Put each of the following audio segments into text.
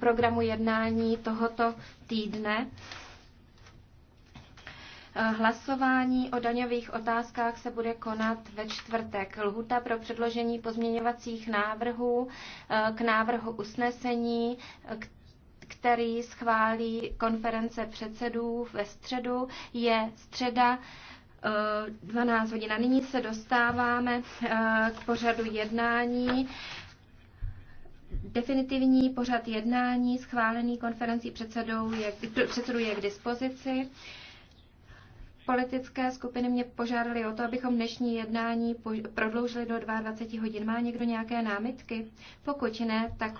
programu jednání tohoto týdne. Hlasování o daňových otázkách se bude konat ve čtvrtek. Lhuta pro předložení pozměňovacích návrhů eh, k návrhu usnesení, který schválí konference předsedů ve středu, je středa 12 eh, hodin. nyní se dostáváme eh, k pořadu jednání. Definitivní pořad jednání schválený konferencí předsedů je, je k dispozici. Politické skupiny mě požádaly o to, abychom dnešní jednání prodloužili do 22 hodin. Má někdo nějaké námitky? Pokud ne, tak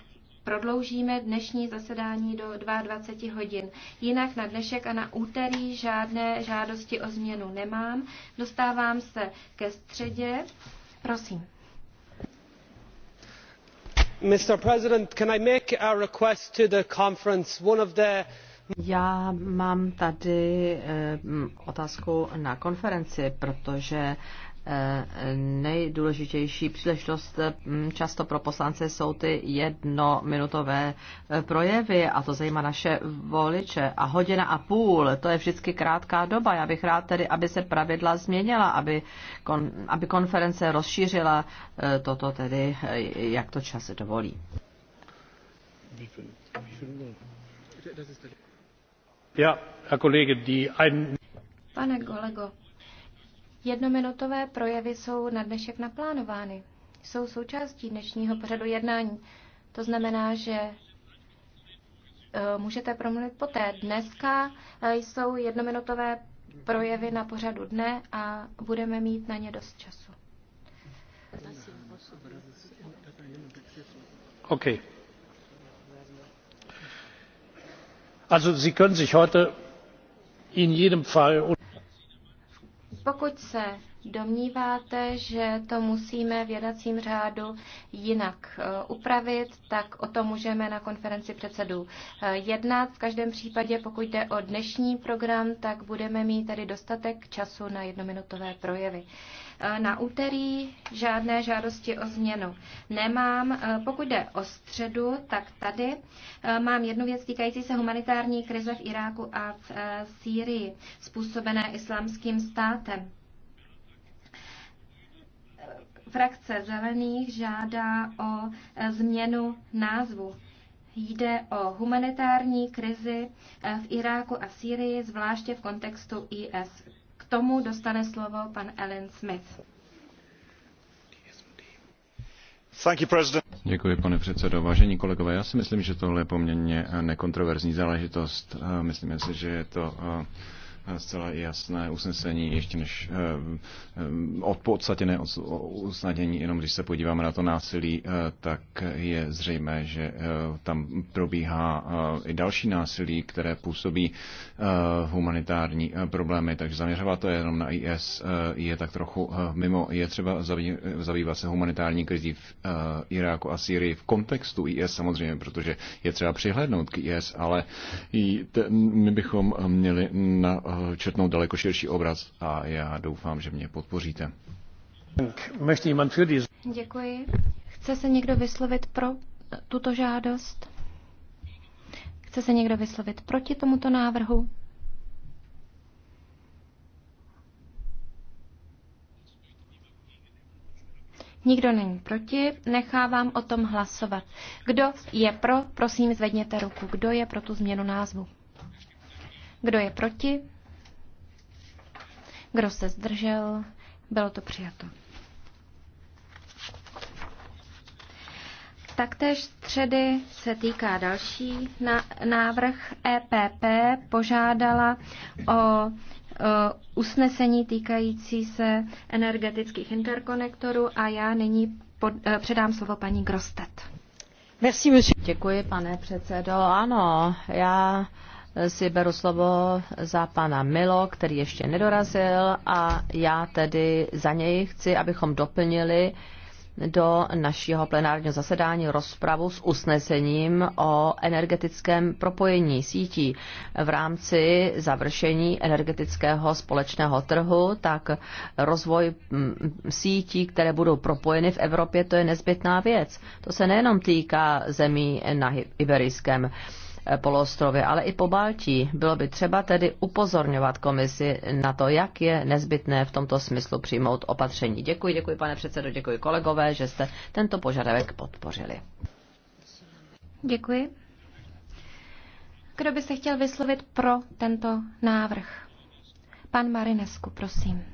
prodloužíme dnešní zasedání do 22 hodin. Jinak na dnešek a na úterý žádné žádosti o změnu nemám. Dostávám se ke středě. Prosím mr president can i make a request to the conference já mám tady eh, otázku na konferenci, protože nejdůležitější příležitost mm, často pro poslance jsou ty jednominutové eh, projevy a to zajímá naše voliče. A hodina a půl, to je vždycky krátká doba. Já bych rád tedy, aby se pravidla změnila, aby, kon, aby konference rozšířila eh, toto tedy, eh, jak to čas dovolí. Pane kolego, Jednominutové projevy jsou na dnešek naplánovány. Jsou součástí dnešního pořadu jednání. To znamená, že e, můžete promluvit poté. Dneska e, jsou jednominutové projevy na pořadu dne a budeme mít na ně dost času. OK. Also Sie können sich heute in jedem Fall pokud se domníváte, že to musíme v jednacím řádu jinak eh, upravit, tak o tom můžeme na konferenci předsedů eh, jednat. V každém případě, pokud jde o dnešní program, tak budeme mít tady dostatek času na jednominutové projevy. Eh, na úterý žádné žádosti o změnu nemám. Eh, pokud jde o středu, tak tady eh, mám jednu věc týkající se humanitární krize v Iráku a v Sýrii, způsobené islámským státem frakce zelených žádá o změnu názvu. Jde o humanitární krizi v Iráku a Sýrii, zvláště v kontextu IS tomu dostane slovo pan Ellen Smith. Děkuji, pane předsedo. Vážení kolegové, já si myslím, že tohle je poměrně nekontroverzní záležitost. Myslím si, že je to zcela jasné usnesení, ještě než eh, eh, od podstatě ne usnadění, jenom když se podíváme na to násilí, eh, tak je zřejmé, že tam probíhá i další násilí, které působí humanitární problémy, takže zaměřovat to jenom na IS je tak trochu mimo. Je třeba zabývat se humanitární krizí v Iráku a Syrii v kontextu IS samozřejmě, protože je třeba přihlédnout k IS, ale my bychom měli na Eh, četnout daleko širší obraz a já doufám, že mě podpoříte. Děkuji. Chce se někdo vyslovit pro eh, tuto žádost? Chce se někdo vyslovit proti tomuto návrhu? Nikdo není proti, nechávám o tom hlasovat. Kdo je pro, prosím zvedněte ruku. Kdo je pro tu změnu názvu? Kdo je proti? Kdo se zdržel? Bylo to přijato. Taktéž středy se týká další návrh. EPP požádala o usnesení týkající se energetických interkonektorů a já nyní pod, eh, předám slovo paní Grostet. Děkuji, pane předsedo. Ano, já si beru slovo za pana Milo, který ještě nedorazil a já tedy za něj chci, abychom doplnili do našeho plenárního zasedání rozpravu s usnesením o energetickém propojení sítí v rámci završení energetického společného trhu, tak rozvoj mm, sítí, které budou propojeny v Evropě, to je nezbytná věc. To se nejenom týká zemí na Iberijském Eh, poloostrově, ale i po Baltí. Bylo by třeba tedy upozorňovat komisi na to, jak je nezbytné v tomto smyslu přijmout opatření. Děkuji, děkuji pane předsedo, děkuji kolegové, že jste tento požadavek podpořili. Děkuji. Kdo by se chtěl vyslovit pro tento návrh? Pan Marinesku, prosím.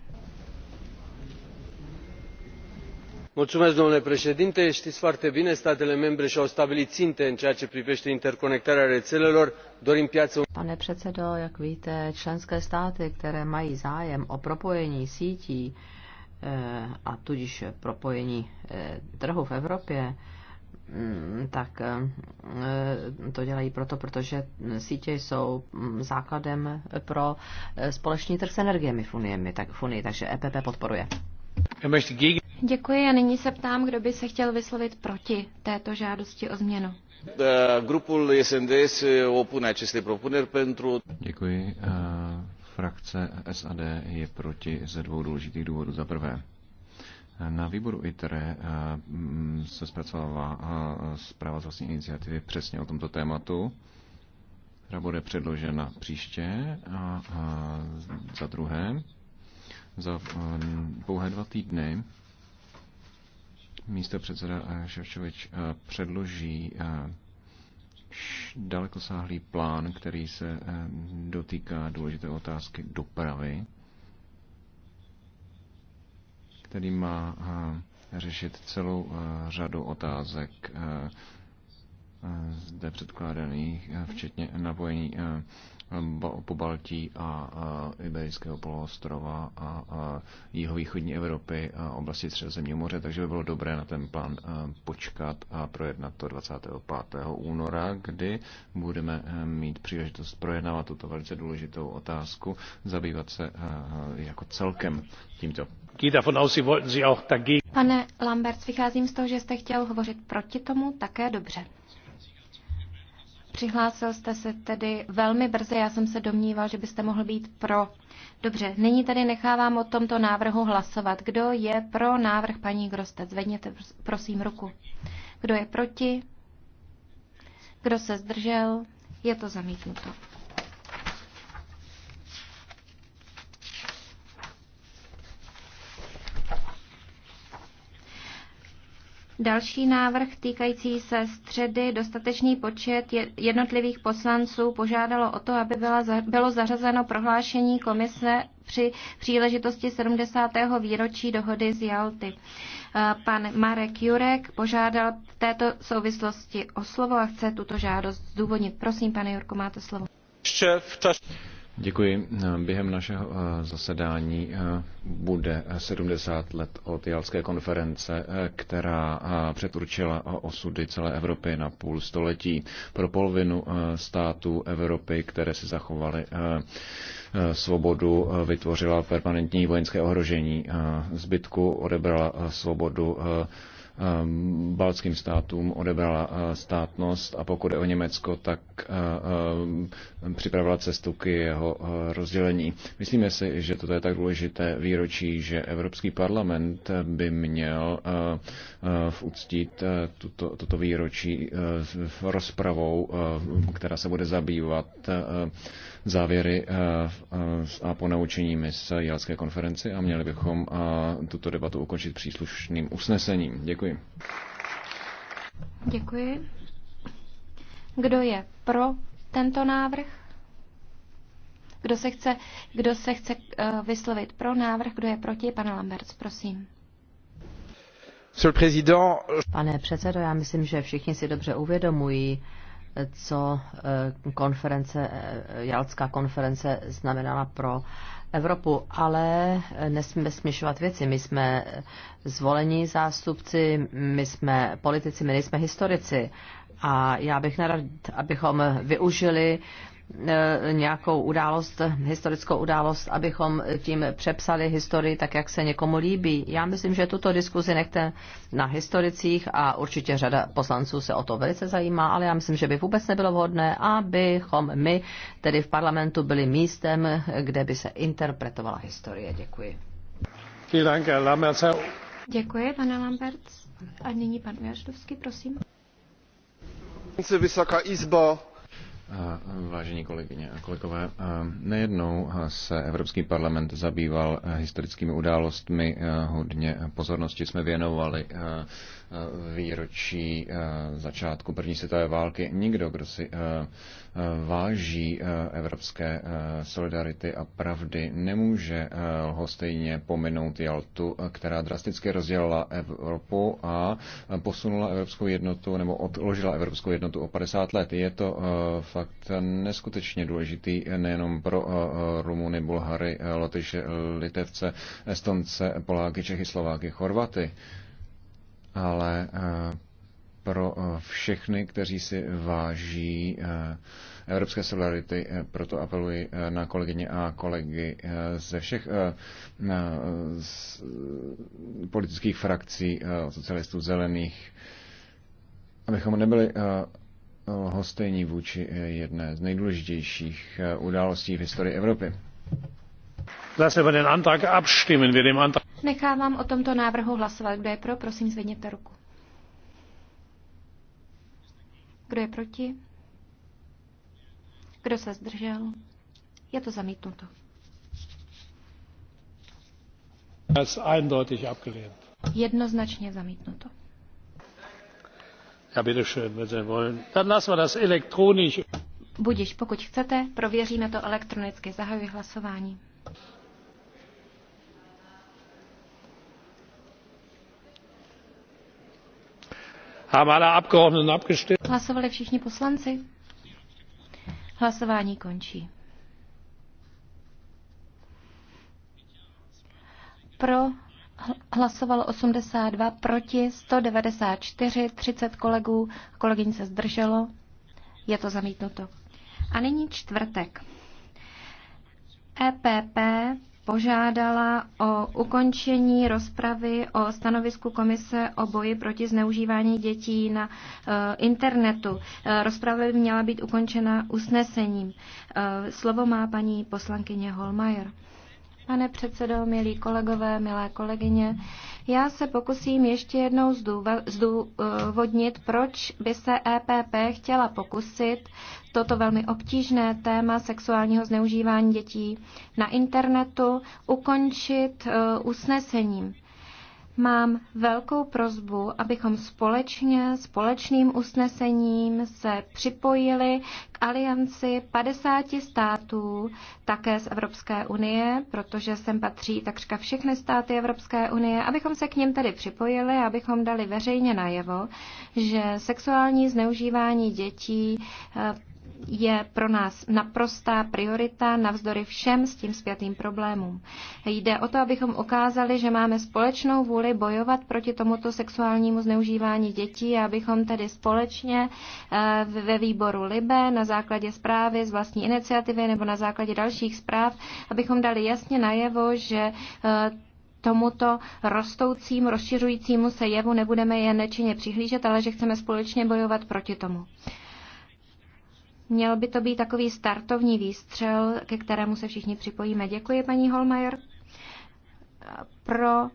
domnule președinte știți foarte bine statele membre și au stabilit ținte în ceea ce privește interconectarea rețelelor dorim piață. pane předsedo jak víte členské státy které mají zájem o propojení sítí eh, a tudíž propojení eh, trhu v Evropě, mm, tak eh, to dělají proto, protože sítě jsou mm, základem pro společný trh s energiemi v Unii, tak, v Unii takže EPP podporuje. Děkuji a nyní se ptám, kdo by se chtěl vyslovit proti této žádosti o změnu. Grupul SND se opune acestei propuneri pentru... Děkuji. Eh, frakce SAD je proti ze dvou důležitých důvodů. Za prvé, eh, na výboru ITRE eh, mm, se zpracovala zpráva z vlastní iniciativy přesně o tomto tématu, která bude předložena příště. A za druhé, za pouhé dva týdny místo předseda eh, Ševčovič eh, předloží eh, dalekosáhlý plán, který se dotýká důležité otázky dopravy, který má řešit celou řadu otázek zde předkládaných, včetně napojení po Baltí a Iberického poloostrova a jihovýchodní Evropy a oblasti Středozemního moře, takže by bylo dobré na ten plán počkat a projednat to 25. února, kdy budeme e, mít příležitost projednávat tuto velice důležitou otázku, zabývat se e, jako celkem tímto. Pane Lambert, vycházím z toho, že jste chtěl hovořit proti tomu, také dobře. Přihlásil jste se tedy velmi brzy, já jsem se domníval, že byste mohl být pro. Dobře, nyní tady nechávám o tomto návrhu hlasovat. Kdo je pro návrh paní Groste? Zvedněte prosím ruku. Kdo je proti? Kdo se zdržel? Je to zamítnuto. Další návrh týkající se středy dostatečný počet jednotlivých poslanců požádalo o to, aby byla, bylo zařazeno prohlášení komise při příležitosti 70. výročí dohody z Jalty. Eh, pan Marek Jurek požádal v této souvislosti o slovo a chce tuto žádost zdůvodnit. Prosím, pane Jurko, máte slovo. Ještě v čas... Děkuji. Během našeho eh, zasedání eh, bude 70 let od Jalské konference, eh, která předurčila osudy celé Evropy na půl století. Pro polovinu států Evropy, které si zachovaly svobodu, vytvořila permanentní vojenské ohrožení. Zbytku odebrala svobodu Ehm, baltským státům odebrala eh, státnost a pokud je o Německo, tak eh, ehm, připravila cestu k jeho eh, rozdělení. Myslíme si, že toto je tak důležité výročí, že Evropský parlament by měl v uctít tuto, toto výročí rozpravou, která se bude zabývat závěry eh, eh, a ponaučeními z Jalské konferenci a měli bychom eh, tuto debatu ukončit příslušným usnesením. Děkuji. Děkuji. Kdo je pro tento návrh? Kdo se chce, kdo se chce vyslovit pro návrh, kdo je proti? Pane Lamberts, prosím. Pane předsedo, já myslím, že všichni si dobře uvědomují, co eh, konference, eh, Jalská konference znamenala pro Evropu, ale eh, nesmíme směšovat věci. My jsme zvolení zástupci, my jsme politici, my nejsme historici a já bych nerad, abychom využili e, nějakou událost, historickou událost, abychom tím přepsali historii tak, jak se někomu líbí. Já myslím, že tuto diskuzi nechte na historicích a určitě řada poslanců se o to velice zajímá, ale já myslím, že by vůbec nebylo vhodné, abychom my tedy v parlamentu byli místem, kde by se interpretovala historie. Děkuji. Děkuji, pane Lambert. A nyní pan Jaždovský, prosím. Vysoká Vážení kolegyně a kolegové, nejednou se Evropský parlament zabýval historickými událostmi, hodně pozornosti jsme věnovali výročí eh, začátku první světové války. Nikdo, kdo si eh, eh, váží evropské solidarity a pravdy, nemůže stejně pominout Jaltu, která drasticky rozdělila Evropu a posunula evropskou jednotu nebo odložila evropskou jednotu o 50 let. Je to fakt neskutečně důležitý nejenom pro Rumuny, Bulhary, Lotyše, Litevce, Estonce, Poláky, Čechy, Slováky, Chorvaty ale eh, pro eh, všechny, kteří si váží eh, evropské solidarity. Proto apeluji na kolegyně a kolegy ze všech politických frakcí, socialistů, zelených, abychom nebyli hostejní vůči jedné z nejdůležitějších událostí v historii Evropy. Nechávám o tomto návrhu hlasovat. Kdo je pro, prosím zvedněte ruku. Kdo je proti? Kdo se zdržel? Je to zamítnuto. Jednoznačně zamítnuto. Ja, bitte schön, wenn Sie wollen. Dann lassen wir das elektronisch. Budiš, pokud chcete, prověříme to elektronicky. Zahajuji hlasování. Hlasovali všichni poslanci? Hlasování končí. Pro hlasovalo 82, proti 194, 30 kolegů, kolegyň se zdrželo. Je to zamítnuto. A nyní čtvrtek. EPP požádala o ukončení rozpravy o stanovisku komise o boji proti zneužívání dětí na eh, internetu. Eh, rozprava by měla být ukončena usnesením. Eh, slovo má paní poslankyně Holmajer pane předsedo, milí kolegové, milé kolegyně. Já se pokusím ještě jednou zdůvodnit, proč by se EPP chtěla pokusit toto velmi obtížné téma sexuálního zneužívání dětí na internetu ukončit eh, usnesením mám velkou prozbu, abychom společně, společným usnesením se připojili k alianci 50 států, také z Evropské unie, protože sem patří takřka všechny státy Evropské unie, abychom se k ním tedy připojili, abychom dali veřejně najevo, že sexuální zneužívání dětí eh, je pro nás naprostá priorita navzdory všem s tím zpětým problémům. Jde o to, abychom ukázali, že máme společnou vůli bojovat proti tomuto sexuálnímu zneužívání dětí a abychom tedy společně eh, ve výboru LIBE na základě zprávy z vlastní iniciativy nebo na základě dalších zpráv, abychom dali jasně najevo, že eh, tomuto rostoucímu, rozšiřujícímu se jevu nebudeme jen nečinně přihlížet, ale že chceme společně bojovat proti tomu. Měl by to být takový startovní výstřel, ke kterému se všichni připojíme. Děkuji, paní Holmajer. Pro eh,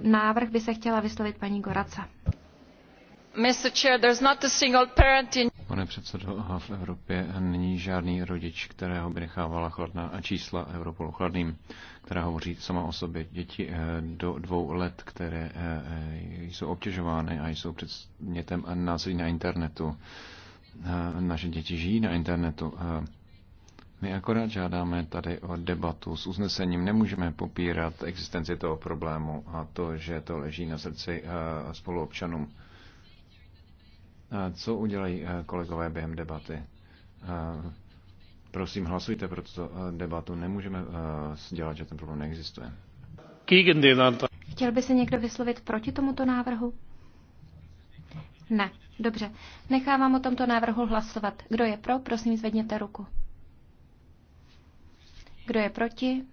návrh by se chtěla vyslovit paní Goraca. Pane předsedo, v Evropě není žádný rodič, kterého by nechávala chladná čísla Europolu chladným, která hovoří sama o sobě. Děti eh, do dvou let, které eh, jsou obtěžovány a jsou předmětem násilí na internetu. Eh, naše děti žijí na internetu. Eh, my akorát žádáme tady o debatu s uznesením. Nemůžeme popírat existenci toho problému a to, že to leží na srdci eh, spoluobčanům. Co udělají kolegové během debaty? Prosím, hlasujte pro tuto debatu. Nemůžeme dělat, že ten problém neexistuje. Chtěl by se někdo vyslovit proti tomuto návrhu? Ne. Dobře, nechávám o tomto návrhu hlasovat. Kdo je pro, prosím zvedněte ruku. Kdo je proti?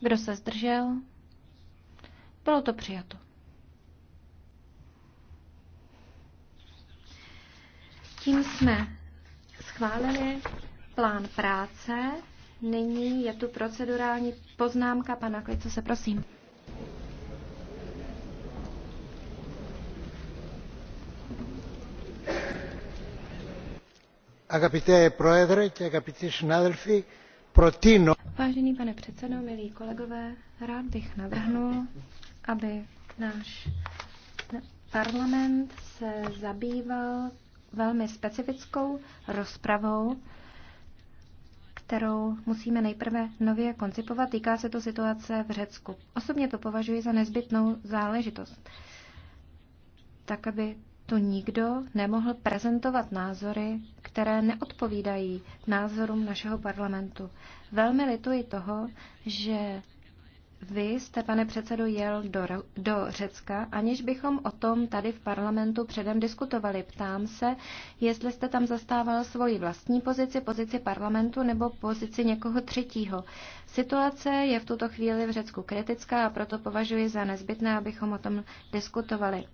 Kdo se zdržel? Bylo to přijato. Tím jsme schválili plán práce. Nyní je tu procedurální poznámka pana Klico se prosím. Vážený pane předsedo, milí kolegové, rád bych navrhnul, aby náš parlament se zabýval velmi specifickou rozpravou, kterou musíme nejprve nově koncipovat. Týká se to situace v Řecku. Osobně to považuji za nezbytnou záležitost, tak aby tu nikdo nemohl prezentovat názory, které neodpovídají názorům našeho parlamentu. Velmi lituji toho, že vy jste, pane předsedo, jel do, do Řecka, aniž bychom o tom tady v parlamentu předem diskutovali. Ptám se, jestli jste tam zastával svoji vlastní pozici, pozici parlamentu nebo pozici někoho třetího. Situace je v tuto chvíli v Řecku kritická a proto považuji za nezbytné, abychom o tom diskutovali.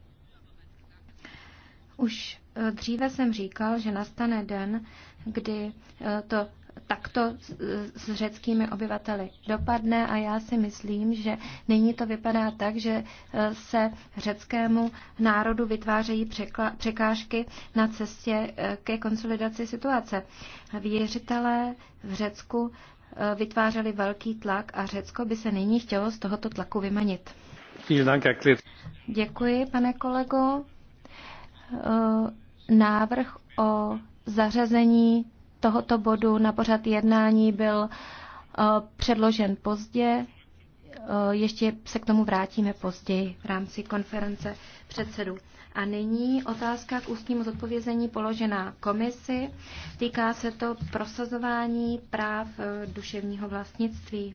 Už eh, dříve jsem říkal, že nastane den, kdy eh, to takto s řeckými obyvateli dopadne a já si myslím, že nyní to vypadá tak, že eh, se řeckému národu vytvářejí překážky na cestě ke konsolidaci situace. Věřitelé v Řecku vytvářeli velký tlak a Řecko by se nyní chtělo z tohoto tlaku vymanit. Děkuji, pane kolego. Eh, návrh o zařazení tohoto bodu na pořad jednání byl eh, předložen pozdě. Eh, ještě se k tomu vrátíme později v rámci konference předsedů. A nyní otázka k ústnímu zodpovězení položená komisi. Týká se to prosazování práv duševního vlastnictví.